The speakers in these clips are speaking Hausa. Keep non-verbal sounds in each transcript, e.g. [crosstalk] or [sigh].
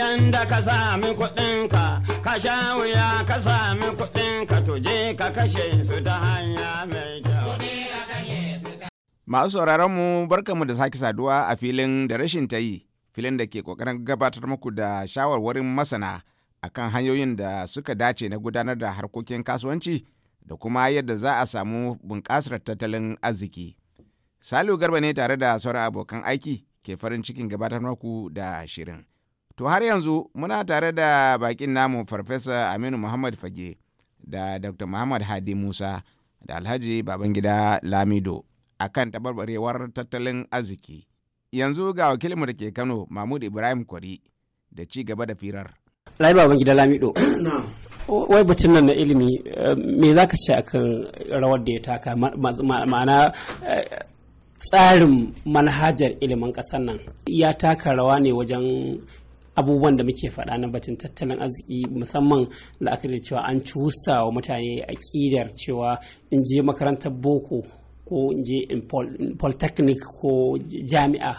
bayan da ka sami kuɗinka ka sha wuya ka sami kuɗinka tuje ka kashe su ta hanya mai kyau. Masu sauraron mu barkamu da sake saduwa a filin da rashin ta yi, filin da ke kokarin gabatar muku da shawarwarin masana akan hanyoyin da suka dace na gudanar da harkokin kasuwanci da kuma yadda za a samu bunƙasar tattalin arziki. Salu Garba ne tare da sauran abokan aiki ke farin cikin gabatar muku da shirin. To har yanzu muna tare da bakin namu Farfesa Aminu Muhammad Fage da Dr. Muhammad Hadi Musa da Alhaji Babangida Lamido a kan tabarbarewar tattalin arziki. Yanzu ga wakilinmu da ke Kano Mahmud Ibrahim Kwari da ci gaba da firar. Lai Babangida Lamido. [clears throat] Wai batun nan na ilimi eh, me za ka ce akan rawar da ya taka ma'ana eh, tsarin manhajar ilimin ƙasar nan ya taka rawa ne wajen abubuwan da muke faɗa na batun tattalin arziki musamman la'akari cewa an cusa wa mutane aƙidar cewa in je makarantar boko ko in je polytechnic ko jami'a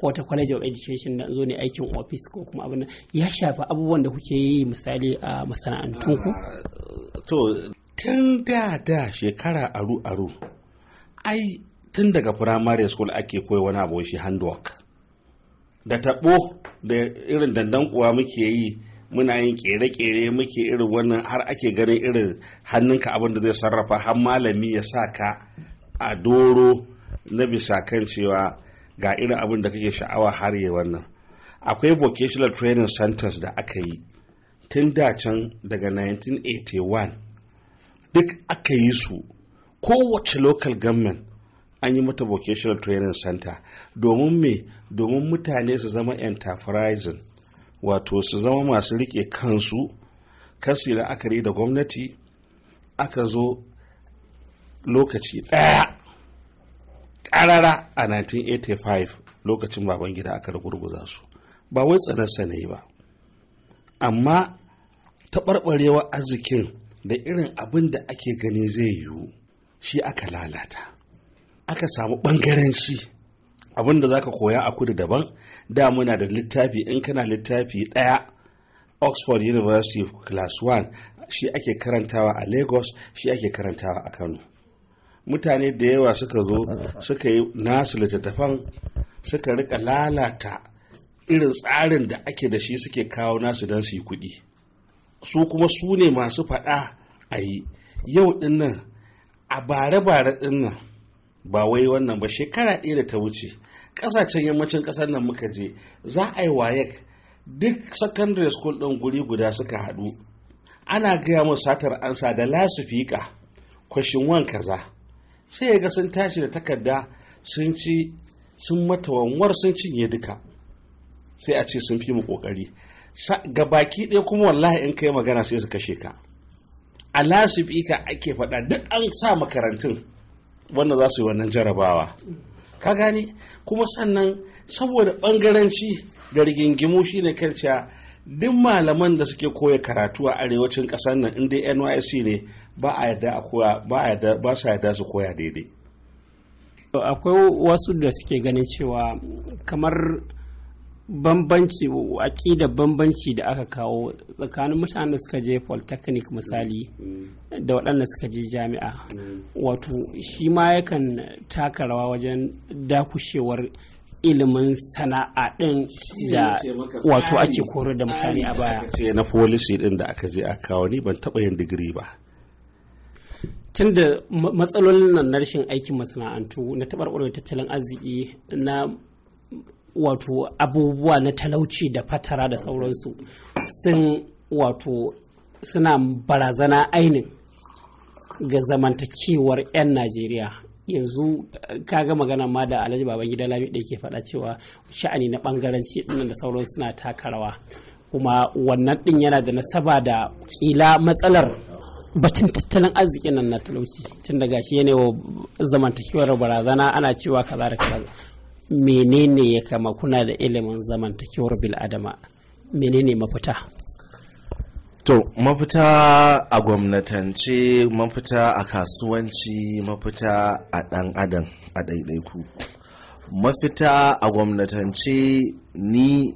ko ta college of education da zo ne aikin office ko kuma abin ya shafi abubuwan da kuke yi misali a masana'antunku. ku to tun da da shekara aru aru ai tun daga primary school ake koyi wani abu shi handwork da taɓo. da irin dandan kuwa muke yi muna yin kere-kere muke irin wannan har ake ganin irin hannunka abinda zai sarrafa har malami ya sa ka a doro na bisa kan cewa ga irin abin da kake sha'awa har yi wannan akwai vocational training centers da aka yi tun da can daga 1981 duk aka yi su kowace local government an yi mata vocational training center domin me domin mutane su zama enterprising wato su zama masu rike kansu kasu yi aka da gwamnati aka zo lokaci ɗaya ƙarara a 1985 lokacin baban gida aka gurguza su ba wai tsanarsa ne ba amma ta ɓarɓarewar arzikin da irin abin da ake gani zai yiwu shi aka lalata aka samu shi abin da ka koya a kudu daban da muna da littafi in kana littafi ɗaya oxford university class 1 shi ake karantawa a lagos shi ake karantawa a kano mutane da yawa suka zo suka yi nasu littattafan suka rika lalata irin tsarin da ake da shi suke kawo nasu don su yi kuɗi su kuma su ne masu faɗa a yi yau ɗin a bare-bare ɗin ba wai wannan ba shekara ɗaya da ta wuce ƙasashen yammacin ƙasar nan muka je za a yi wayek duk secondary school ɗin guri guda suka haɗu ana gaya mu satar ansa da lasifika kwashin wan kaza sai ya ga sun tashi da takarda sun ci sun matawanwar sun cinye duka sai a ce sun fi mu kokari ga baki ɗaya kuma wallahi in kai magana sai su kashe ka a lasifika ake faɗa duk an sa makarantun wanda za su yi wannan jarabawa ka gani. kuma sannan saboda bangaranci da rigingimu shine kan cewa duk malaman da suke koya karatu a arewacin ƙasar nan inda nysc ne ba a yarda a koya ba ba su yarda su koya daidai akwai wasu da suke ganin cewa kamar bambanci da bambanci da aka kawo tsakanin mutanen da suka je polytechnic misali mm. da waɗanda suka je jami'a mm. wato shi ma yakan taka rawa wajen dakushewar ilimin sana'a ɗin da wato ake koyar da mutane a baya ce na policy ɗin da aka je a kawo ni ban taɓa yin digiri ba tun da matsalolin nan na rashin aikin masana'antu na taɓarɓarewar tattalin arziki na wato abubuwa na talauci da fatara da sauransu sun wato suna barazana ainin ga zamantakewar 'yan najeriya yanzu eh, kaga magana ma da alhaji baban gida lami da ke faɗa cewa sha'ani na ɓangaranci ɗinnan da sauran suna taka rawa kuma wannan din yana da nasaba da ƙila matsalar batun tattalin arzikin nan na talauci tun daga shi yanayi zamantakewar barazana ana cewa kaza da kaza menene ya kama kuna da ilimin zamantakewar bil'adama menene mafita to mafita a gwamnatance mafita a kasuwanci mafita a ɗan adam a ɗaiɗaiku mafita a gwamnatance ni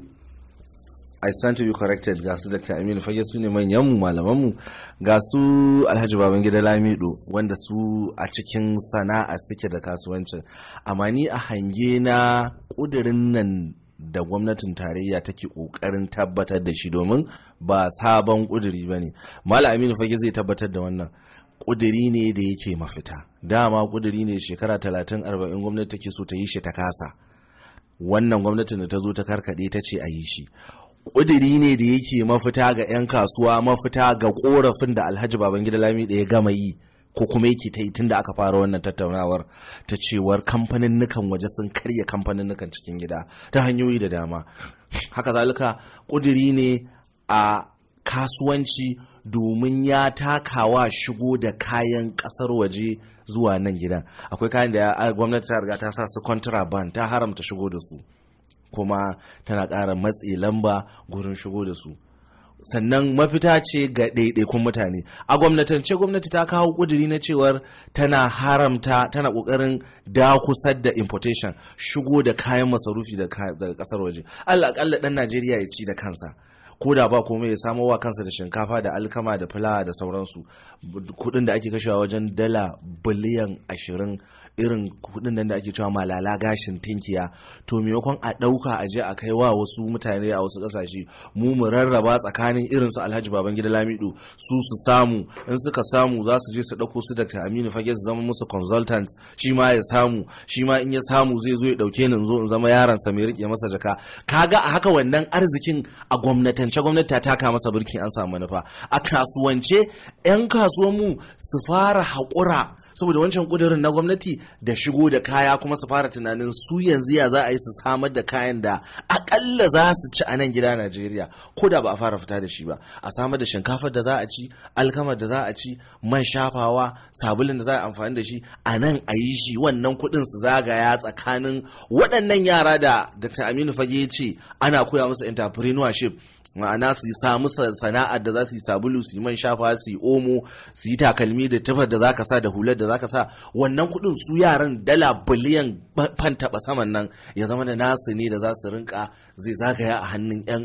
I stand to be corrected ga su Dr. Aminu Fage su ne manyanmu malamanmu ga su Alhaji Babangida Lamido wanda su a cikin sana'a suke da kasuwancin amma ni a hange na ƙudirin nan da gwamnatin tarayya take kokarin tabbatar da shi domin ba sabon kuduri ba ne malam aminu fage zai tabbatar da wannan kuduri ne da yake mafita dama kuduri ne shekara 30-40 gwamnati take so ta yi shi ta kasa wannan gwamnatin da ta zo ta karkade ta ce a yi shi ƙudiri ne da yake mafita ga 'yan kasuwa mafita ga korafin da alhaji babangida lami da ya gama yi ko kuma yake ta yi tun da aka fara wannan tattaunawar ta cewar kamfanin nukan waje sun karya kamfanin nukan cikin gida ta hanyoyi da dama haka zalika ƙudiri ne a kasuwanci domin ya takawa shigo da kayan ƙasar waje zuwa nan gidan akwai kayan da gwamnati ta riga ta sa su contraband ta haramta shigo da su kuma tana ƙara matsi lamba gurin shigo da su sannan mafita ce ga ɗaiɗaikun mutane a gwamnatance gwamnati ta kawo ƙuduri na cewar tana haramta tana ƙoƙarin dakusar da importation shigo da kayan masarufi daga ƙasar waje allah ɗan najeriya ya ci da kansa ko da ba komai ya samo wa kansa da shinkafa da alkama da fulawa da sauransu kuɗin da ake kashewa wajen dala biliyan ashirin irin kuɗin nan da ake cewa malala gashin tinkiya to maimakon a ɗauka a je a kai wa wasu mutane a wasu kasashe mu mu rarraba tsakanin irin su alhaji babangida lamido su su samu in suka samu za su je su dauko su dr aminu fage su zama musu consultant shi ma ya samu shi ma in ya samu zai zo ya ɗauke ni in zo in zama yaransa mai riƙe masa jaka kaga a haka wannan arzikin a gwamnati gwamnatance gwamnati ta taka masa birki an samu manufa a kasuwance 'yan kasuwanmu su fara haƙura saboda wancan kudirin na gwamnati da shigo da kaya kuma su fara tunanin su yanzu ya za a yi su samar da kayan da akalla za su ci a nan gida najeriya ko da ba a fara fita da shi ba a samar da shinkafar da za a ci alkamar da za a ci man shafawa sabulin da za a amfani da shi a nan a yi shi wannan kuɗin su zagaya tsakanin waɗannan yara da dr aminu fage ce ana koya musu entrepreneurship ma'ana su samu sana'ar da za su yi sabulu su man shafa su yi omo su yi takalmi da tufar da za ka sa da hular da za ka sa wannan kuɗin su yaran dala biliyan fan taba saman nan ya zama da nasu ne da za su rinka zai zagaya a hannun yan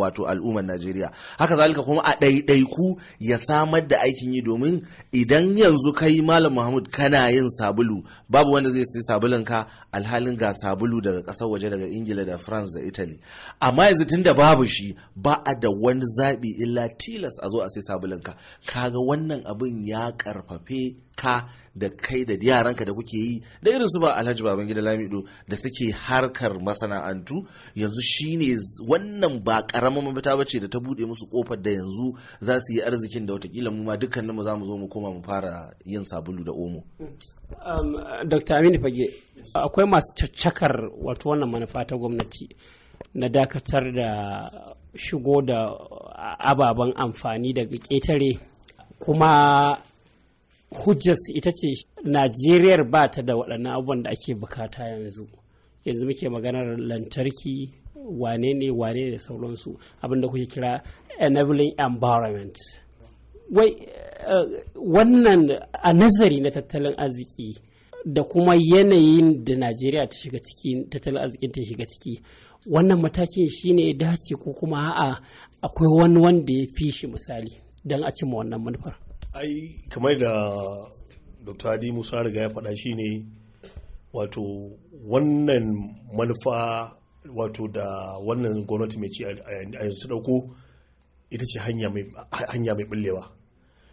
wato al'ummar najeriya haka zalika kuma a ɗaiɗaiku ya samar da aikin yi domin idan yanzu kai malam muhammad kana yin sabulu babu wanda zai sai sabulun ka alhalin ga sabulu daga ƙasar waje daga ingila da france da italy amma yanzu tun da babu shi ba a da wani zaɓi illa tilas a zo a sai sabulun ka kaga wannan abin ya ƙarfafe ka da kai da yaranka da kuke yi da irin su ba alhaji baban gida lamido da suke harkar masana'antu yanzu shine wannan ba karamin mafita ba ce da ta bude musu kofar da yanzu za su yi arzikin da watakila mu ma dukkanin mu za mu zo mu koma mu fara yin sabulu da omo um, dr aminu fage akwai masu caccakar wato wannan manufa ta gwamnati na dakatar da shigo da ababen amfani daga ƙetare kuma hujjarsu ita ce najeriyar ba ta da waɗannan abubuwan da ake bukata yanzu yanzu muke maganar lantarki wane ne wane ne da sauransu abinda kuke kira enabling environment wai eh, wannan a nazari na tattalin arziki da kuma yanayin da najeriya ta shiga ciki tattalin arzikin ta shiga ciki wannan matakin shine dace ko kuma a'a akwai wani wanda ya fi shi misali don a cimma wannan manufar ai kamar da dr hadi musa riga ya faɗa shi ne wato wannan manufa wato da wannan gwamnati mai ci a yanzu ta ita ce hanya mai ɓullewa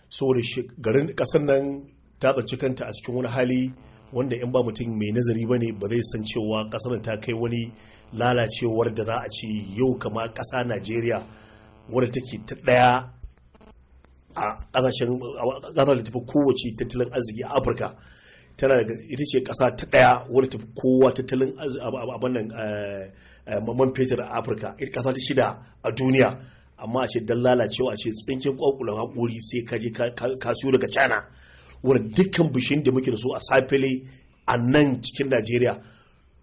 saboda garin ƙasar nan ta tsarci kanta a cikin wani hali wanda in ba mutum mai nazari ba ne ba zai san cewa ƙasar ta kai wani lalacewar da za a ce yau kama ƙasa najeriya wadda take ta ɗaya a kasashen kasar tafi kowace tattalin arziki a afirka tana daga ita ce kasa ta daya wadda tafi kowa tattalin abin nan eh, eh, man fetur a afirka ita kasa ta shida a duniya amma a ce dan lalacewa a ce tsinkin kwakwula hakuri sai ka je ka siyo daga china wani dukkan bishin da muke da su a safele a nan cikin najeriya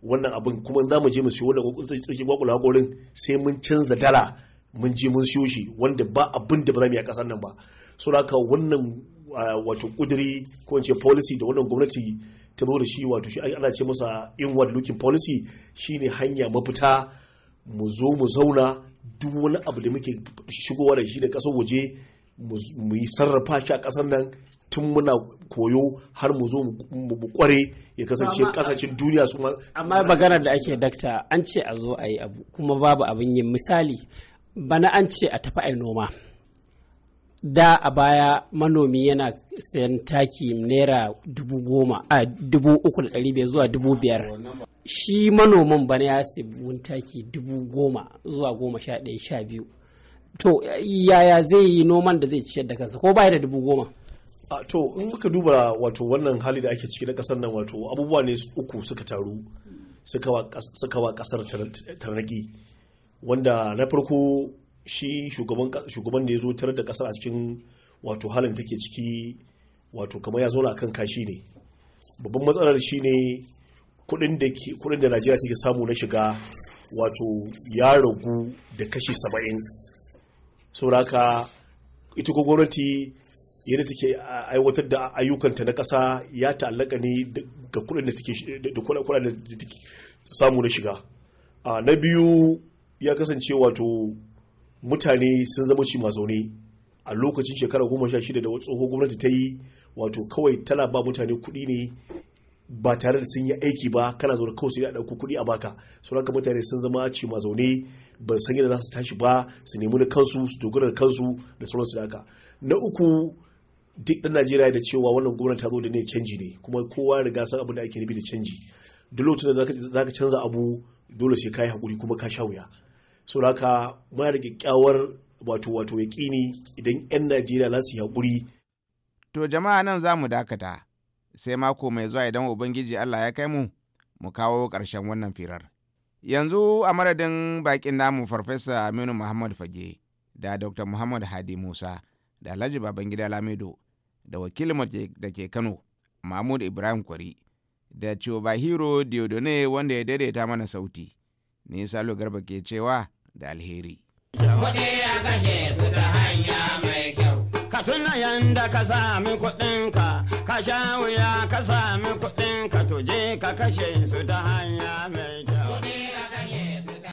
wannan abin kuma za mu je mu siyo wannan tsinkin kwakwula hakurin sai mun canza dala mun je mun siyo shi wanda ba abin da ba mu yi a kasar nan ba suraka wannan ah, wato kuduri ko ce policy da wannan gwamnati ta zo da shi wato shi ana ce masa inward looking policy shine hanya mafita mu zo mu zauna duk wani abu da muke shigowa da shi da kasar waje mu yi sarrafa shi a kasar nan tun muna koyo har mu zo mu kware ya kasance kasashen duniya su amma maganar da ake dakta an ce a zo a yi abu kuma babu abin yin misali bana an ce a tafi a noma da a baya manomi yana sayan taki naira dubu goma a dubu uku da ɗari biyar zuwa dubu biyar shi manomin bana ya sayi taki dubu goma zuwa goma sha ɗaya sha biyu to yaya zai yi noman da zai ciyar da kansa ko baya da dubu goma to in muka duba wato wannan hali da ake ciki na kasar nan wato abubuwa ne uku suka taru suka wa kasar tarnaki wanda na farko shi shugaban da ya zo tarar da kasar a cikin wato halin take ciki wato kamar ya zauna kan kashi ne babban matsalar shi ne kudin da najeriya take samu na shiga wato ya ragu da kashi saba'in sauraka ita ko gwamnati yadda take aiwatar da ayyukanta na ƙasa ya ta'allaka ne ga kudin da take samu na shiga na biyu ya kasance wato mutane sun zama ci zaune a lokacin shekara goma sha shida da tsohon gwamnati ta yi wato kawai tana ba mutane kuɗi ne ba tare da sun yi aiki ba kana zaune kawai sai a ɗauko kuɗi a baka sau haka mutane sun zama ci ma zaune ban san yadda za su tashi ba su nemi na kansu su dogara da kansu da sauran da haka na uku duk ɗan najeriya da cewa wannan gwamnati ta zo da ne canji ne kuma kowa ya riga san abin da ake nufi da canji duk lokacin da za ka canza abu dole sai ka yi haƙuri kuma ka sha wuya suraka haka da kyakkyawar wato wato yaƙini idan 'yan najeriya za su yi haƙuri to jama'a nan za mu dakata sai mako mai zuwa idan ubangiji allah ya kai mu mu kawo ƙarshen wannan firar yanzu a madadin bakin namu farfesa aminu muhammad fage da dr muhammad hadi musa da alhaji babangida lamido da wakilin da ke kano mahmud ibrahim kwari da ciobahiro diodone wanda ya daidaita mana sauti ne salo garba ke cewa da alheri kuɗi kashe su ta hanya mai kyau ka tuna yanda ka sami kuɗinka ka sha wuya ka sami kuɗinka tuje ka kashe su ta hanya mai kyau